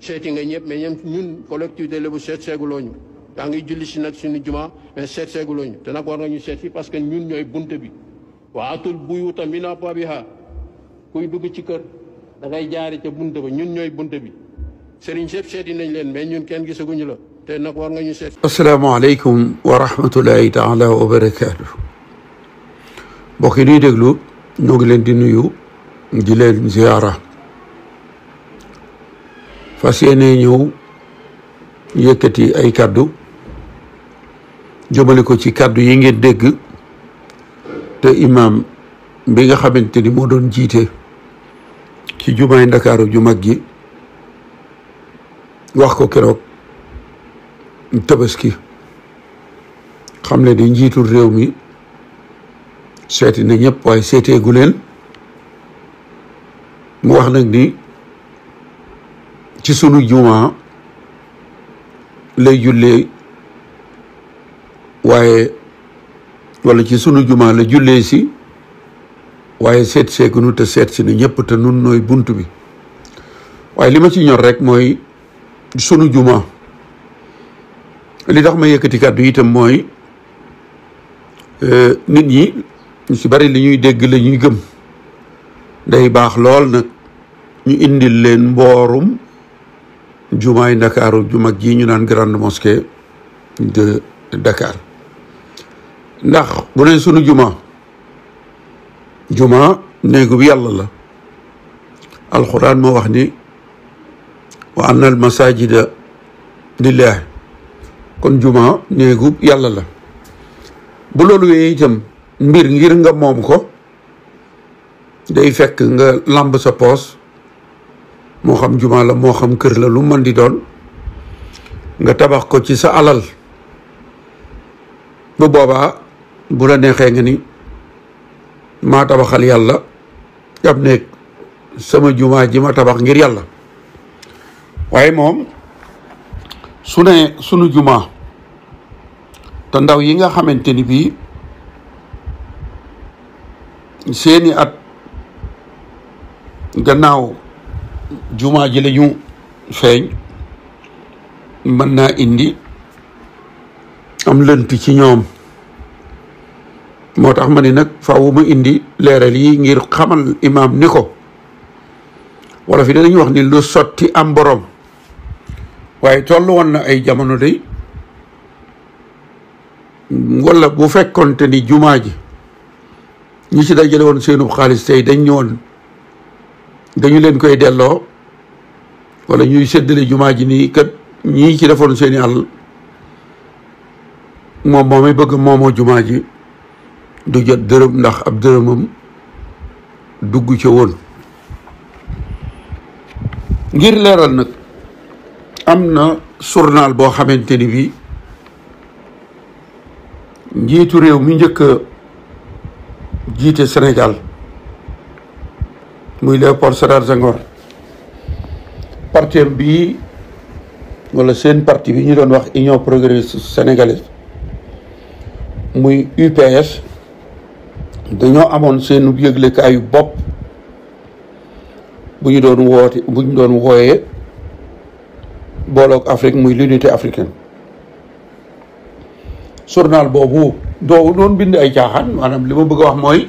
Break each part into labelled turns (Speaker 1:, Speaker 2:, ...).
Speaker 1: seeti nga ñëpp mais ñun collectivité Lebu seet seeguloo ñu yaa ngi julli si nag suñu juma mais seet seeguloo ñu te nag war nga ñu seet si parce que ñun ñooy bunt bi waa atul buyuuta min abwaabihaa kuy dugg ci kër da ngay jaari ca bunt ba ñun ñooy bunt bi sëriñ sëpp seeti nañ leen mais ñun kenn gisaguñu la te nag war nga ñu seet asalaamaaleykum wa rahmatullahi taala wa barakaatu mbokk yi ñuy déglu ñoo ngi leen di nuyu di leen ziyaara fas yéene ñëw yëkkati ay kàddu jëmale ko ci kàddu yi ngeen dégg te imam bi nga xamante ni moo doon jiite ci jumaay ndakaaru ju mag ji wax ko keroog tabaski xam ne di njiitul réew mi seeti na ñëpp waaye seeteegu leen mu wax nag ni ci sunu jumaa lay jullee waaye walla ci sunu jumaa la jullee si waaye seet seegunu te seet si na ñëpp te nun nooy bunt bi waaye li ma ci ñor rek mooy sunu jumaa li tax ma yëkkati kàddu itam mooy e, nit ñi ñu ci bari li ñuy dégg la ñuy gëm day baax lool nag ñu indil leen mboorum jumaay ndakaaru ju mag ji ñu naan grande mosquée de Dakar ndax bu ne sunu juma juma néegu yàlla la alxuraan moo wax ni wa anna al masajida lillah kon juma néegu yàlla la bu loolu wee itam mbir ngir nga moom ko day fekk nga lamb sa poos mo xam juma la mo xam kër la lu man di doon nga tabax ko ci sa alal bu boba bu la neexee nga ni ma tabaxal yalla yab nek sama juma ji ma tabax ngir yalla waye mom sunu Juma ta ndaw yi nga xamanteni bi seeni at gannaaw jumaa ji la ñu feeñ mën naa indi am lënt ci ñoom moo tax ma ni nag faaw ma indi leeral yi ngir xamal imaam ni ko wala fi dañuy wax ni lu sotti am borom waaye toll woon na ay jamono day wala bu fekkonte ni jumaa ji ñi ci jële woon seenub xaalis tey dañ ñëwoon dañu leen koy delloo wala ñuy séddale jumaa ji nii kët ñii ci defoon seeni àll moom moom mi bëgg moomoo jumaa ji du jot dërëm ndax ab dërëmam dugg ca woon ngir leeral nag am na journal boo xamante ni bi njiitu réew mi njëkk a jiite senegal muy Léopold Sédar zangor parti bi wala sen parti bi ñu doon wax union progressiste sénégalais muy UPS sen amoon kay yu bop bu ñu doon woote bu ñu doon woyé bolok Afrique muy l'unité africaine journal bobu do doon bind ay jaxan manam lima bëgg wax moy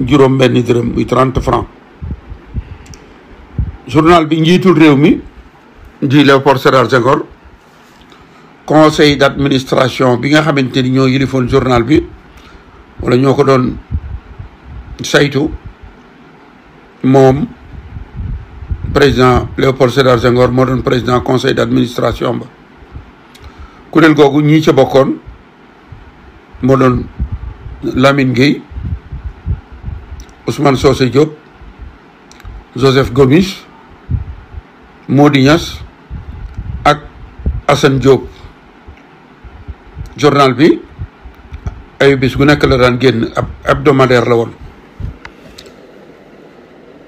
Speaker 1: juróom benn dërëm muy trente francs journal bi njiitul réew mi di Léopold Sédar Senghor conseil d'administration bi nga xamante ni ñoo yilifoon journal bi wala ñoo ko doon saytu moom président Léopold Sédar Senghor moo doon président conseil d'administration ba kuréel googu ñii ca bokkoon moo doon Lamine Gueye Ousmane Socé Diop Joseph Gomis Mody ak Assane Diop journal bi ay bis gu nekk la daan génn ab hebdomadaire la woon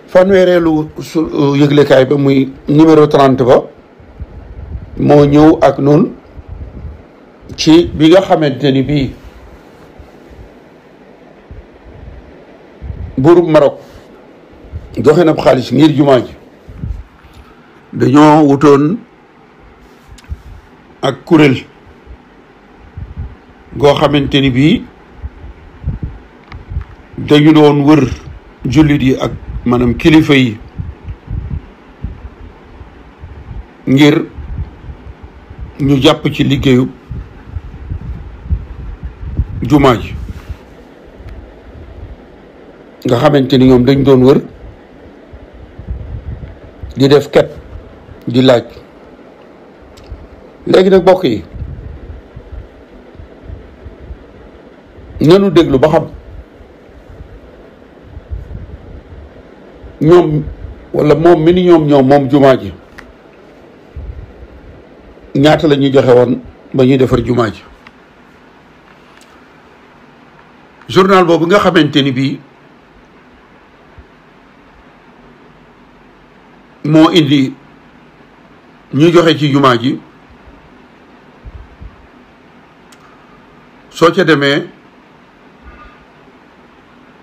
Speaker 1: fanweereelu su yëglekaay ba muy numéro 30 ba moo ñëw ak noonu ci bi nga xamante ni bii buru marok joxe na xaliss ngir juma ji dañu wutone ak kurel go xamanteni bi dañu doon wër julit yi ak manam kilifa yi ngir ñu japp ci liggéeyu jumaa nga xamante ni ñoom dañ doon wër di def ket di laaj léegi nag bokk yi nanu déglu ba xam ñoom wala moom mi ni ñoom ñoom moom jumaa ji ñaata la ñuy joxe woon ba ñuy defar jumaa ji journal boobu nga xamante ni bii moo indi ñu joxe ci jumaa ji soo ca demee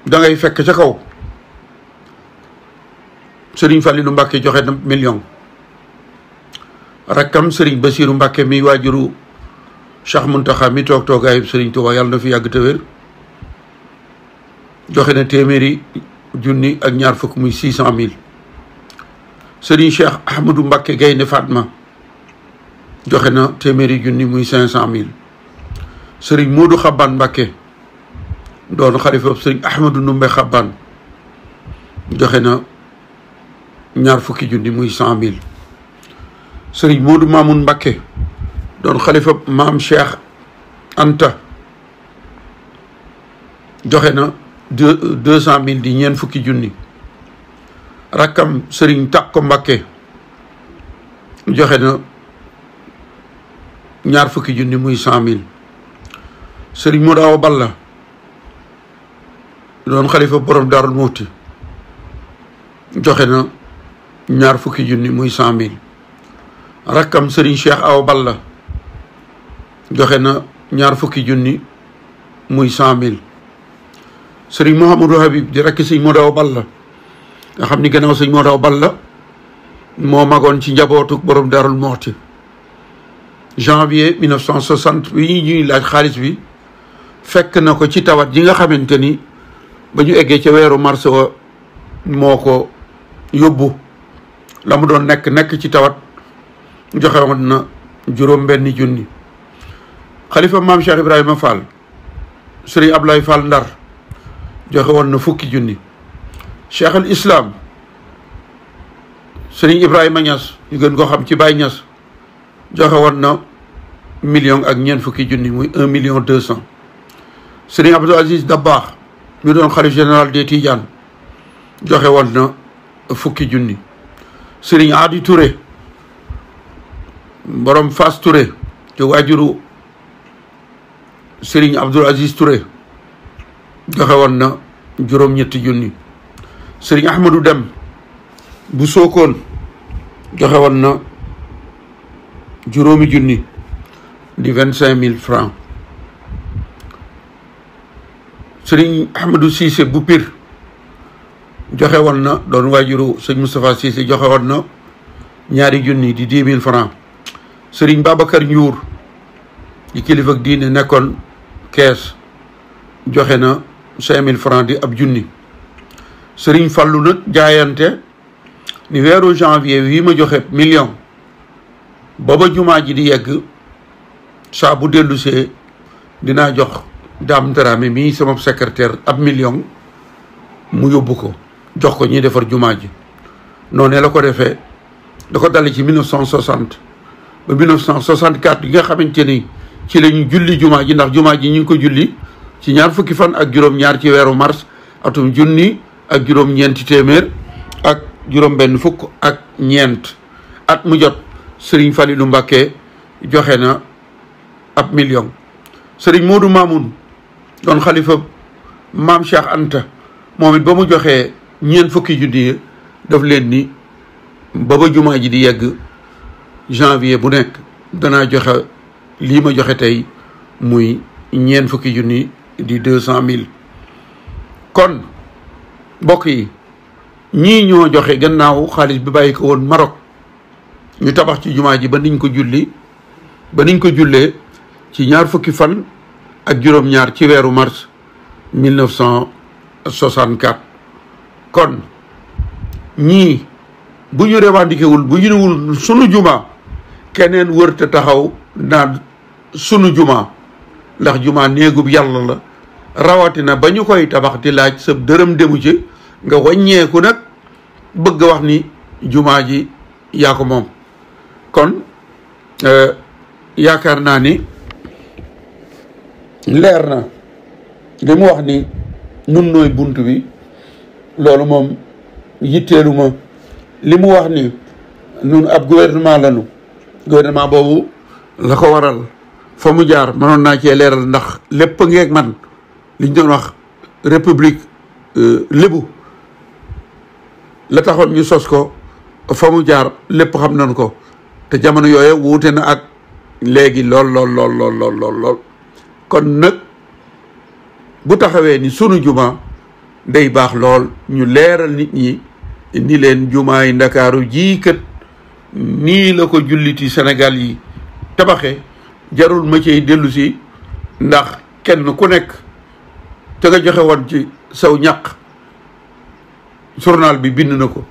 Speaker 1: da ngay fekk ca kaw sëriñ lu Mbàkke joxe na million rakkam sëriñ Basiiru Mbàkke mi waajuru Cheikh Muntaxa mi toog toogaayub sëriñ Tuubaa yàlla na fi yàgg te joxe na téeméeri junni ak ñaar fukk muy six cent mille sëriñ Cheikh Ahmadou Mbacké Gaynde Fatma joxe na téeméeri junni muy cinq cent mille sëriñ Modou Xaban Mbacké doon xalifa sëriñ Ahmadou Ndumbe Xaban joxe na ñaar fukki junni muy cent mille sëriñ Modou Mamoun Mbacké doon xalifa maam Cheikh Anta joxe na deux cent mille di ñeent fukki junni rakkam sëriñ Tàkko Mbàkke joxe na ñaar fukki junni muy cent mille sëriñ mu daaw balla loon xalifa borom daarul muuti joxe na ñaar fukki junni muy cent mille rakkam sëriñ Cheikh Aw Balla joxe na ñaar fukki junni muy cent mille sëriñ Mouhamadou Habib di rekk sëriñ mu daaw balla xamni gënaaw sëñ moo taw bal la moo magoon ci njabootu borom darul moxti janvier 1960 bi ñuy laaj xaalis bi fekk na ko ci tawat ji nga xamante ni ba ñu eggee ca weeru mars moo ko yóbbu la mu doon nekk nekk ci tawat joxe woon na juróom benn junni xalifa maam Cheikh Ibrahima Fall sëriñ Ablaye Fall Ndar joxe woon na fukki junni cheikh al islam sëriñ a Niass ñu gën ko xam ci Baye Niass joxe woon na million ak ñeent fukki junni muy un million deux cent sëriñ Abdou Aziz Dabakh mi doon xalif général des Tidianes joxe woon na fukki junni sëriñ Adi Touré borom Fass Touré te waajuru sëriñ Abdou Aziz Touré joxe woon na juróom-ñetti junni sëriñ Ahmadou Dem bu sookoon joxe woon na juróomi junni di vingt cinq mille francs sëriñ Ahmadou Cissé bu Pire joxe woon na doon waajuru sëñ Moustapha Cissé joxe woon na ñaari junni di dix mille francs sëriñ Babacar Ndiour di kilifa ak diine nekkoon kees joxe na cinq mille francs di ab junni sëriñ Fallou nag jaayante ni weeru janvier wi ma joxe million booba jumaa ji di yegg saa bu dellusee dinaa jox daam mi mii sama secrétaire ab million mu yóbbu ko jox ko ñuy defar jumaa ji noonee la ko defee da ko dale ci 1960 ba 1964 bi nga xamante ni ci lañ julli jumaa ji ndax jumaa ji ñu ko julli ci ñaar fukki fan ak juróom-ñaar ci weeru mars atum junni ak juróom-ñeenti téeméer ak juróom-benn fukk ak ñeent at mu jot sëriñ Falilu Mbàkke joxe na ab million sëriñ Moodu Maamun doon xalifa maam Cheikh Anta moom it ba mu joxee ñeent fukki junni daf leen ni ba ba jumaa ji di yegg janvier bu nekk danaa joxe lii ma joxe tey muy ñeent fukki junni di deux cent mille kon mbokk yi ñii ñoo joxe gannaaw xaalis bi bàyyi ko woon Maroc ñu tabax ci jumaa ji ba niñ ko julli ba niñ ko jullee ci ñaar fukki fan ak juróom-ñaar ci weeru mars 1964 kon ñii bu ñu revendiqué bu ñu newul sunu jumaa keneen wër taxaw naan sunu jumaa ndax jumaa néegub yàlla la rawatina ba ñu koy tabax di laaj sa dërëm demu ci nga wagneeku nag bëgg wax ni jumaa ji ko moom kon euh, yaakaar naa ni leer na li mu wax ni nun nooy bunt bi loolu moom yitteelu li mu wax ni nun ab gouvernement lanu gouvernement boobu la ko waral fa mu jaar mënoon naa cee leeral ndax lépp ngeeg man liñ doon wax république euh, la taxoon ñu sos ko fa jaar lépp xam nañ ko te jamono yooye wuute na ak léegi lool lool lool kon nag bu taxawee ni sunu jumaa day baax lool ñu leeral nit ñi ni leen yi ndakaaru jii kët nii la ko julliti Sénégal yi tabaxe jarul ma dellusi ndax kenn ku nekk te nga joxe ci sew ñaq journal bi bind na ko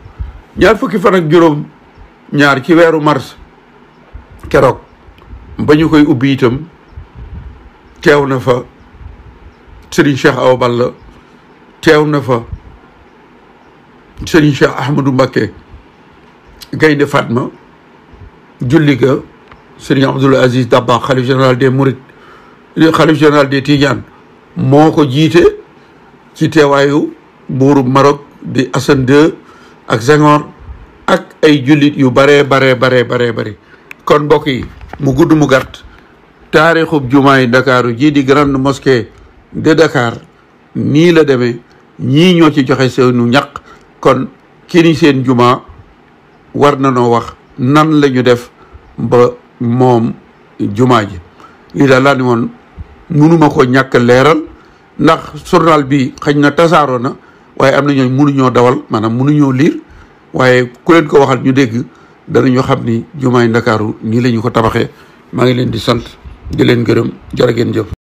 Speaker 1: ñaar fukki fan ak juróom ñaar ci weeru mars keroog ba ñu koy ubbi itam teew na fa Serigne Cheikh Awa Balla teew na fa Serigne Cheikh Ahmadou Mbacké Gaynde Fatma julli ga Serigne Abdoul Aziz Dabakh xalif général des Mourides xalif général des Tidiane moo ko jiite ci teewaayu buurub Maroc di Assane II ak Senghor ak ay jullit yu baree bare bare bare bëri kon mbokk yi mu gudd mu gàtt taarixub jumaay ndakaaru jii di grande mosquée de Dakar nii la demee ñii ñoo ci joxe seenu ñaq kon kii ni seen jumaa war na noo wax nan la ñu def ba moom jumaa ji lii daal laa woon mënuma ko ñàkk leeral ndax journal bi xëy na tasaaroo na waaye am na ñooñ mënuñoo dawal maanaam mënuñoo liir waaye ku leen ko waxal ñu dégg dana danañu xam ni jumaay ndakaaru nii la ñu ko tabaxee maa ngi leen di sant di leen gërëm jërë ngeen jëf